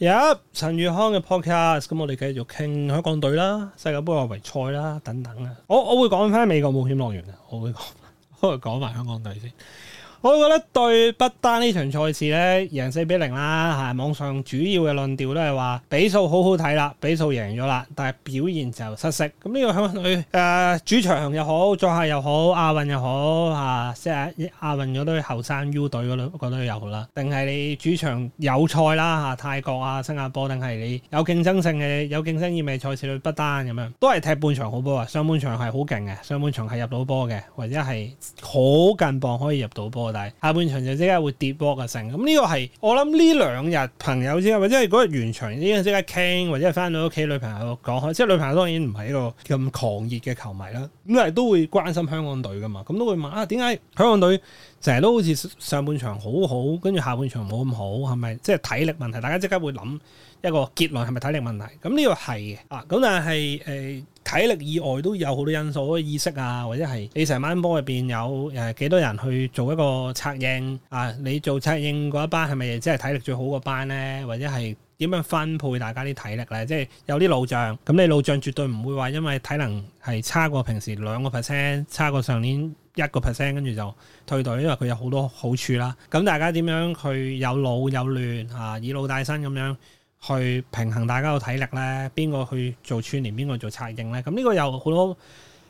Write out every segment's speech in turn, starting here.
有、yep，陳宇康嘅 podcast，咁我哋繼續傾香港隊啦、世界盃外圍賽啦等等啊，我我會講返美國冒險樂園嘅，我會我會講埋香港隊先。我覺得對不丹呢場賽事咧贏四比零啦，嚇、啊、網上主要嘅論調都係話比數好好睇啦，比數贏咗啦，但係表現就失色。咁呢個香對誒、呃、主場又好，作客又好，亞運又好嚇、啊，即係亞運嗰啲後生 U 隊嗰啲，我覺得有啦。定係你主場有賽啦嚇、啊，泰國啊、新加坡，定係你有競爭性嘅、有競爭意味嘅賽事對不丹咁樣，都係踢半場好波啊！上半場係好勁嘅，上半場係入到波嘅，或者係好近磅可以入到波。下半場就即刻會跌波嘅、啊、成，咁呢個係我諗呢兩日朋友之後，或者係嗰日完場，已經即刻傾，或者係翻到屋企女朋友講開，即係女朋友當然唔係一個咁狂熱嘅球迷啦，咁但係都會關心香港隊噶嘛，咁都會問啊，點解香港隊成日都好似上半場好好，跟住下半場冇咁好，係咪即係體力問題？大家即刻會諗一個結論係咪體力問題？咁呢個係啊，咁但係誒。呃體力以外都有好多因素，意識啊，或者係你成晚波入邊有誒幾、呃、多人去做一個策應啊？你做策應嗰一班係咪真係體力最好嗰班呢？或者係點樣分配大家啲體力呢？即係有啲老將，咁你老將絕對唔會話因為體能係差過平時兩個 percent，差過上年一個 percent，跟住就退隊，因為佢有好多好處啦。咁大家點樣去有老有嫩啊？以老帶新咁樣。去平衡大家嘅體力咧，邊個去做串聯，邊個做策應咧？咁、這、呢個有好多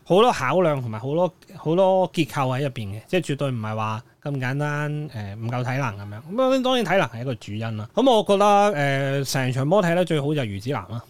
好多考量多，同埋好多好多結構喺入邊嘅，即係絕對唔係話咁簡單誒，唔、呃、夠體能咁樣。咁啊，當然體能係一個主因啦。咁、嗯、我覺得誒，成、呃、場波睇得最好就余子男啦。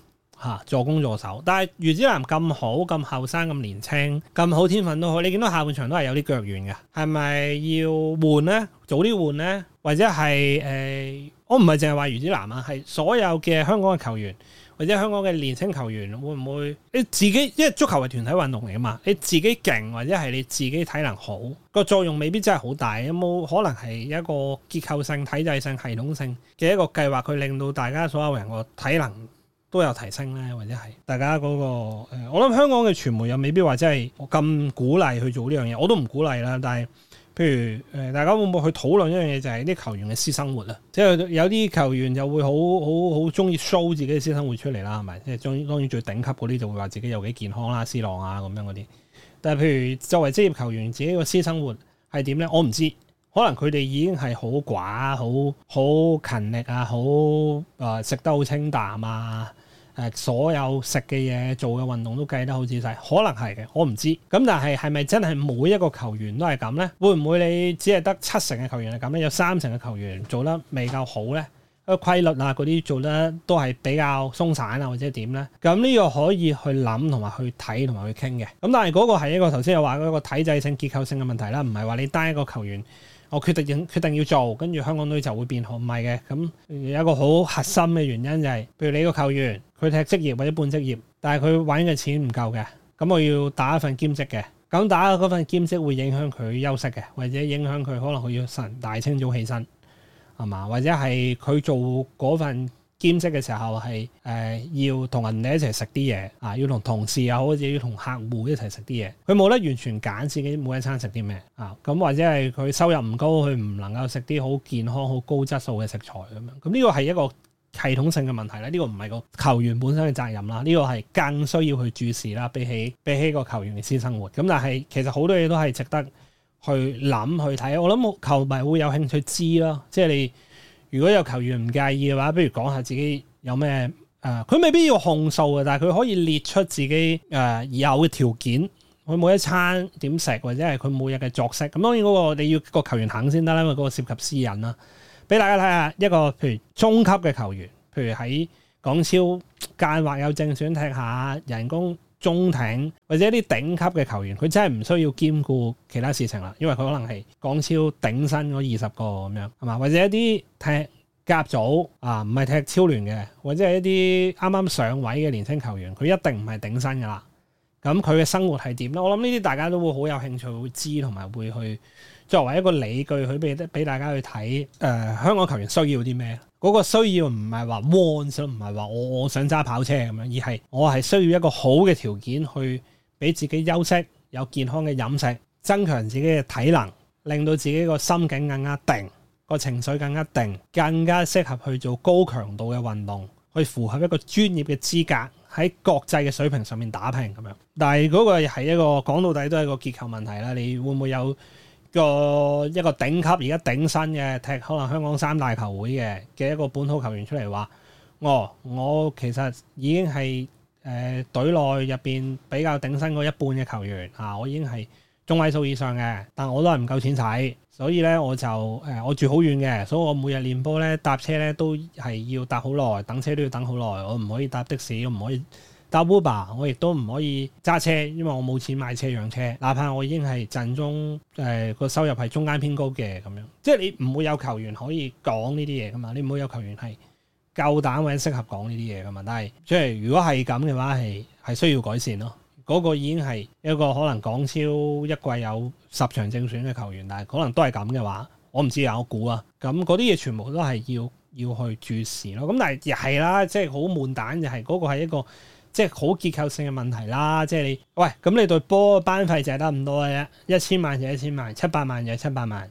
嚇，助攻助手，但係余子南咁好、咁後生、咁年青、咁好天分都好，你見到下半場都係有啲腳軟嘅，係咪要換呢？早啲換呢？或者係誒、呃？我唔係淨係話余子南啊，係所有嘅香港嘅球員，或者香港嘅年青球員會唔會，你自己，因為足球係團體運動嚟啊嘛，你自己勁或者係你自己體能好，個作用未必真係好大。有冇可能係一個結構性、體制性、系統性嘅一個計劃，佢令到大家所有人個體能？都有提升咧，或者係大家嗰個誒，我諗香港嘅傳媒又未必話真係咁鼓勵去做呢樣嘢，我都唔鼓勵啦。但係譬如誒，大家會唔會去討論一樣嘢，就係啲球員嘅私生活啊？即係有啲球員就會好好好中意 show 自己嘅私生活出嚟啦，係咪？即係當當然最頂級嗰啲就會話自己有幾健康啦、私囊啊咁樣嗰啲。但係譬如作為職業球員，自己個私生活係點咧？我唔知，可能佢哋已經係好寡、好好勤力啊、好誒、呃、食得好清淡啊。所有食嘅嘢、做嘅運動都計得好仔細，可能係嘅，我唔知。咁但係係咪真係每一個球員都係咁呢？會唔會你只係得七成嘅球員係咁咧？有三成嘅球員做得未夠好呢？個規律啊，嗰啲做得都係比較鬆散啊，或者點呢？咁呢個可以去諗同埋去睇同埋去傾嘅。咁但係嗰個係一個頭先我話嗰個體制性、結構性嘅問題啦，唔係話你單一個球員。我決定決定要做，跟住香港隊就會變好，唔係嘅。咁有一個好核心嘅原因就係、是，譬如你個球員，佢踢職業或者半職業，但係佢搵嘅錢唔夠嘅，咁我要打一份兼職嘅，咁打嗰份兼職會影響佢休息嘅，或者影響佢可能佢要晨大清早起身，係嘛？或者係佢做嗰份。兼職嘅時候係誒要同人哋一齊食啲嘢啊，要同同事又好，或者要同客戶一齊食啲嘢。佢冇得完全揀自己每一餐食啲咩啊。咁、嗯、或者係佢收入唔高，佢唔能夠食啲好健康、好高質素嘅食材咁樣。咁呢個係一個系統性嘅問題啦。呢、這個唔係個球員本身嘅責任啦。呢、這個係更需要去注視啦。比起比起個球員嘅私生活。咁、嗯、但係其實好多嘢都係值得去諗去睇。我諗球迷會有興趣知咯，即係你。如果有球員唔介意嘅話，不如講下自己有咩誒？佢、呃、未必要控訴嘅，但係佢可以列出自己誒、呃、有嘅條件。佢每一餐點食，或者係佢每日嘅作息。咁當然嗰、嗰個你要個球員肯先得啦，因為嗰個涉及私隱啦。俾大家睇下一個，譬如中級嘅球員，譬如喺港超間或有正選踢下，人工。中艇或者一啲頂級嘅球員，佢真係唔需要兼顧其他事情啦，因為佢可能係港超頂薪嗰二十個咁樣，係嘛？或者一啲踢甲組啊，唔係踢超聯嘅，或者係一啲啱啱上位嘅年輕球員，佢一定唔係頂薪噶啦。咁佢嘅生活係點咧？我諗呢啲大家都會好有興趣，會知同埋會去。作為一個理據，佢俾俾大家去睇，誒、呃、香港球員需要啲咩？嗰、那個需要唔係話 want，唔係話我我想揸跑車咁樣，而係我係需要一個好嘅條件去俾自己休息，有健康嘅飲食，增強自己嘅體能，令到自己個心境更加定，個情緒更加定，更加適合去做高強度嘅運動，去符合一個專業嘅資格喺國際嘅水平上面打拼咁樣。但係嗰個係一個講到底都係一個結構問題啦。你會唔會有？個一個頂級而家頂薪嘅，踢可能香港三大球會嘅嘅一個本土球員出嚟話，我、哦、我其實已經係誒隊內入邊比較頂薪嗰一半嘅球員啊，我已經係中位數以上嘅，但我都係唔夠錢使，所以呢、呃，我就誒我住好遠嘅，所以我每日練波呢，搭車呢都係要搭好耐，等車都要等好耐，我唔可以搭的士，我唔可以。打 ba, 我亦都唔可以揸車，因為我冇錢買車養車。哪怕我已經係賺中，誒、呃、個收入係中間偏高嘅咁樣，即係你唔會有球員可以講呢啲嘢噶嘛？你唔會有球員係夠膽者適合講呢啲嘢噶嘛？但係即係如果係咁嘅話，係係需要改善咯。嗰、那個已經係一個可能講超一季有十場正選嘅球員，但係可能都係咁嘅話，我唔知我啊，我估啊，咁嗰啲嘢全部都係要要去注視咯。咁但係又係啦，即係好悶蛋，就係嗰個係一個。即係好結構性嘅問題啦，即係你喂，咁你對波班費就係得咁多嘅啫，一千萬就一千萬，七百萬就七百萬。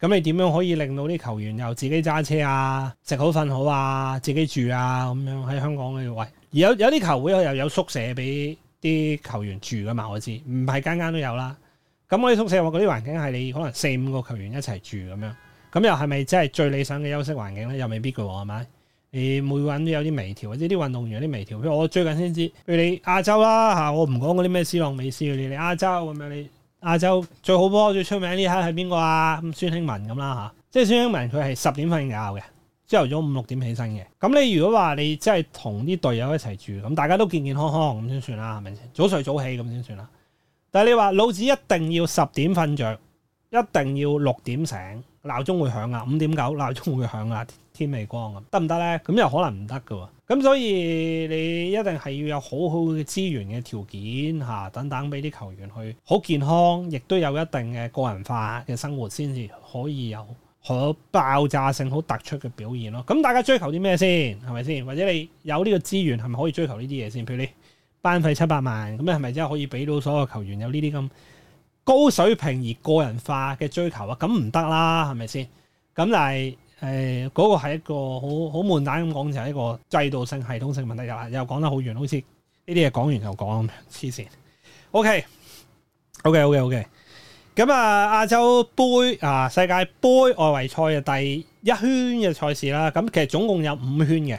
咁你點樣可以令到啲球員又自己揸車啊，食好瞓好啊，自己住啊咁樣喺香港嘅喂？而有有啲球會又有，有宿舍俾啲球員住嘅嘛？我知唔係間間都有啦。咁我啲宿舍，話嗰啲環境係你可能四五個球員一齊住咁樣，咁又係咪真係最理想嘅休息環境咧？又未必嘅喎，係咪？你每個人都有啲微調，或者啲運動員有啲微調。譬如我最近先知，譬如你亞洲啦嚇，我唔講嗰啲咩斯朗美斯。你你亞洲咁樣，係係你亞洲最好波最出名呢刻係係邊個啊？咁孫興文咁啦嚇，即係孫興文佢係十點瞓覺嘅，朝頭早五六點起身嘅。咁你如果話你真係同啲隊友一齊住，咁大家都健健康康咁先算啦，係咪先？早睡早起咁先算啦。但係你話老子一定要十點瞓着，一定要六點醒，鬧鐘會響啊，五點九鬧鐘會響啊。天未光咁得唔得咧？咁又可能唔得嘅喎。咁所以你一定係要有好好嘅資源嘅條件嚇等等，俾、啊、啲球員去好健康，亦都有一定嘅個人化嘅生活，先至可以有好爆炸性、好突出嘅表現咯。咁大家追求啲咩先？係咪先？或者你有呢個資源，係咪可以追求呢啲嘢先？譬如你班費七百萬，咁咧係咪真係可以俾到所有球員有呢啲咁高水平而個人化嘅追求啊？咁唔得啦，係咪先？咁但係。誒嗰、哎那個係一個好好悶蛋咁講就係、是、一個制度性系統性問題，又又講得好遠，好似呢啲嘢講完又講咁黐線。OK，OK，OK，OK。咁、okay. 啊、okay, okay, okay. 嗯，亞洲杯啊，世界盃外圍賽嘅第一圈嘅賽事啦，咁、嗯、其實總共有五圈嘅。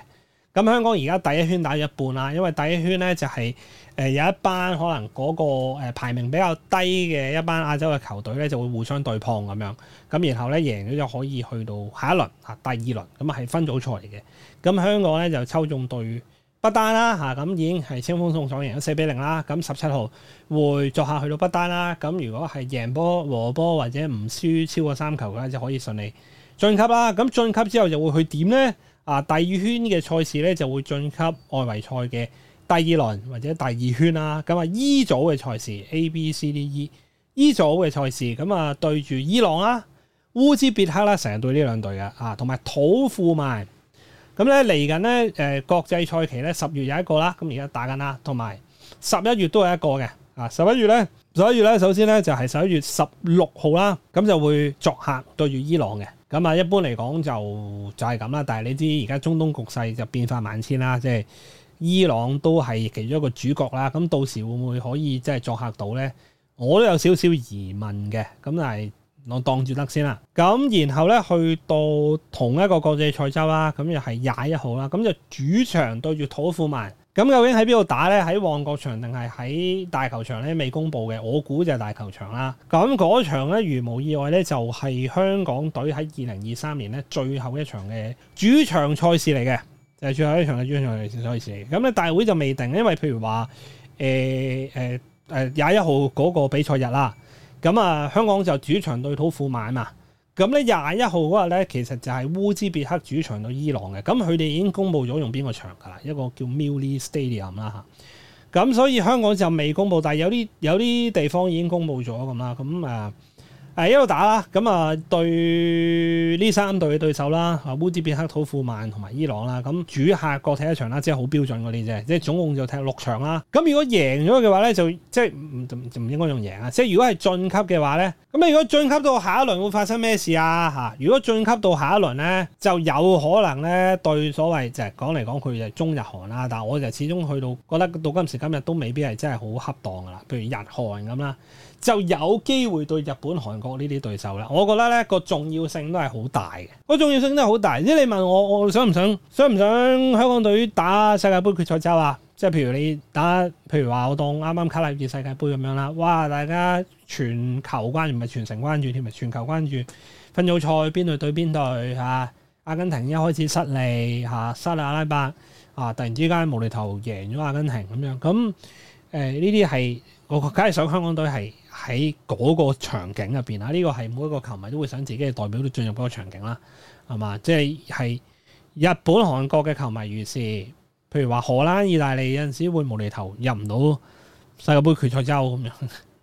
咁香港而家第一圈打咗一半啦，因為第一圈呢就係誒有一班可能嗰個誒排名比較低嘅一班亞洲嘅球隊呢就會互相對碰咁樣，咁然後呢，贏咗就可以去到下一輪啊，第二輪咁啊係分組賽嚟嘅。咁香港呢就抽中對不丹啦，吓、啊、咁已經係清風送爽，贏咗四比零啦。咁十七號會作客去到不丹啦。咁如果係贏波和波或者唔輸超過三球嘅話，就可以順利晉級啦。咁晉級之後就會去點呢？啊，第二圈嘅賽事咧就會晉級外圍賽嘅第二輪或者第二圈啦。咁啊 E 組嘅賽事 A、B、C、D、E，E 組嘅賽事咁啊、嗯、對住伊朗啦、烏茲別克啦，成日對呢兩隊嘅啊，同埋土庫曼。咁咧嚟緊咧誒國際賽期咧十月有一個啦，咁而家打緊啦，同埋十一月都有一個嘅。啊十一月咧，十一月咧，首先咧就係十一月十六號啦，咁就會作客對住伊朗嘅。咁啊，一般嚟講就就係咁啦，但係你知而家中東局勢就變化萬千啦，即係伊朗都係其中一個主角啦。咁到時會唔會可以即係作客到呢？我都有少少疑問嘅，咁但係我當住得先啦。咁然後呢，去到同一個國際賽周啦，咁又係廿一號啦，咁就主場對住土庫曼。咁究竟喺邊度打呢？喺旺角場定係喺大球場呢？未公布嘅，我估就係大球場啦。咁嗰場呢，如無意外呢，就係香港隊喺二零二三年呢，最後一場嘅主場賽事嚟嘅，就係最後一場嘅主場賽事嚟嘅。咁咧大會就未定，因為譬如話，誒誒誒廿一號嗰個比賽日啦，咁啊香港就主場對土庫曼啊嘛。咁咧廿一號嗰日咧，其實就係烏茲別克主場對伊朗嘅，咁佢哋已經公布咗用邊個場噶啦，一個叫 Mili Stadium 啦嚇，咁所以香港就未公布，但係有啲有啲地方已經公布咗咁啦，咁啊。呃誒一路打啦，咁啊對呢三隊嘅對手啦，啊烏茲別克、土庫曼同埋伊朗啦，咁主客各踢一場啦，即係好標準嗰啲啫，即係總共就踢六場啦。咁如果贏咗嘅話咧，就即係唔唔唔應該用贏啊！即係如果係晉級嘅話咧，咁你如果晉級到下一輪會發生咩事啊？嚇！如果晉級到下一輪咧，就有可能咧對所謂講講就講嚟講去就係中日韓啦，但係我就始終去到覺得到今時今日都未必係真係好恰當噶啦，譬如日韓咁啦。就有機會對日本、韓國呢啲對手啦，我覺得呢個重要性都係好大嘅，個重要性都係好大。即係你問我，我想唔想，想唔想香港隊打世界盃決賽周啊？即係譬如你打，譬如話我當啱啱卡塔爾世界盃咁樣啦，哇！大家全球關注，唔係全城關注添，咪全球關注。分組賽邊隊對邊隊啊？阿根廷一開始失利嚇、啊，沙特阿拉伯啊，突然之間無厘頭贏咗阿根廷咁樣咁。誒呢啲係我梗係想香港隊係喺嗰個場景入邊啦，呢個係每一個球迷都會想自己嘅代表都進入嗰個場景啦，係嘛？即係係日本、韓國嘅球迷如是，譬如話荷蘭、意大利有陣時會無厘頭入唔到世界盃決賽周咁樣，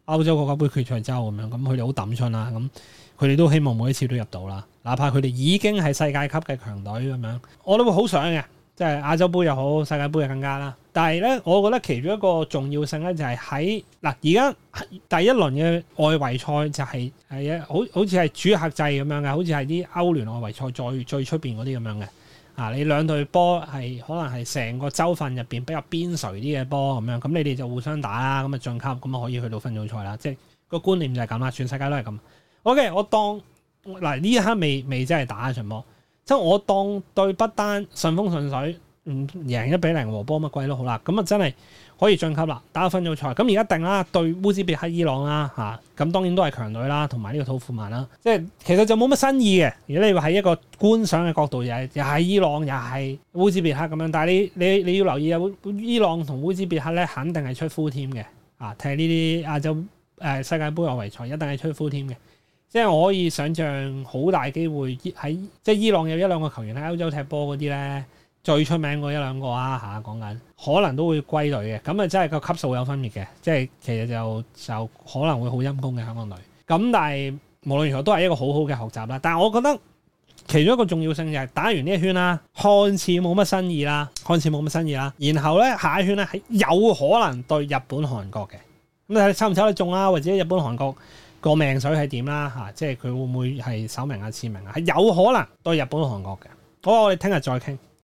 歐洲國家盃決賽周咁樣，咁佢哋好揼春啦，咁佢哋都希望每一次都入到啦，哪怕佢哋已經係世界級嘅強隊咁樣，我都會好想嘅。即係亞洲杯又好，世界盃又更加啦。但係咧，我覺得其中一個重要性咧，就係喺嗱，而家第一輪嘅外圍賽就係係啊好好似係主客制咁樣嘅，好似係啲歐聯外圍賽最最出邊嗰啲咁樣嘅。啊，你兩隊波係可能係成個州份入邊比較邊陲啲嘅波咁樣，咁你哋就互相打啦，咁啊晉級，咁啊可以去到分組賽啦。即係個觀念就係咁啦，全世界都係咁。OK，我當嗱呢一刻未未真係打一場波。即係我當對不單順風順水，嗯，贏一比零和波乜鬼都好啦，咁啊真係可以晉級啦，打分組賽。咁而家定啦，對烏茲別克伊朗啦嚇，咁、啊啊、當然都係強隊啦，同埋呢個土庫曼啦，即、啊、係、啊、其實就冇乜新意嘅。如果你話喺一個觀賞嘅角度，又係又係伊朗又係烏茲別克咁樣，但係你你你要留意啊，伊朗同烏茲別克咧肯定係出 full team 嘅，啊踢呢啲亞洲誒、呃、世界盃外圍賽一定係出 full team 嘅。即係我可以想象好大機會，喺即係伊朗有一兩個球員喺歐洲踢波嗰啲咧，最出名嗰一兩個啊，嚇，講緊可能都會歸隊嘅。咁啊，真係個級數有分別嘅，即係其實就就可能會好陰功嘅香港隊。咁但係無論如何都係一個好好嘅學習啦，但係我覺得其中一個重要性就係打完呢一圈啦，看似冇乜新意啦，看似冇乜新意啦，然後咧下一圈咧係有可能對日本韓國嘅。咁你睇你抽唔抽得中啊或者日本韓國。個命水係點啦？嚇、啊，即係佢會唔會係首名啊、次名啊？係有可能對日本、韓國嘅，好喇，我哋聽日再傾。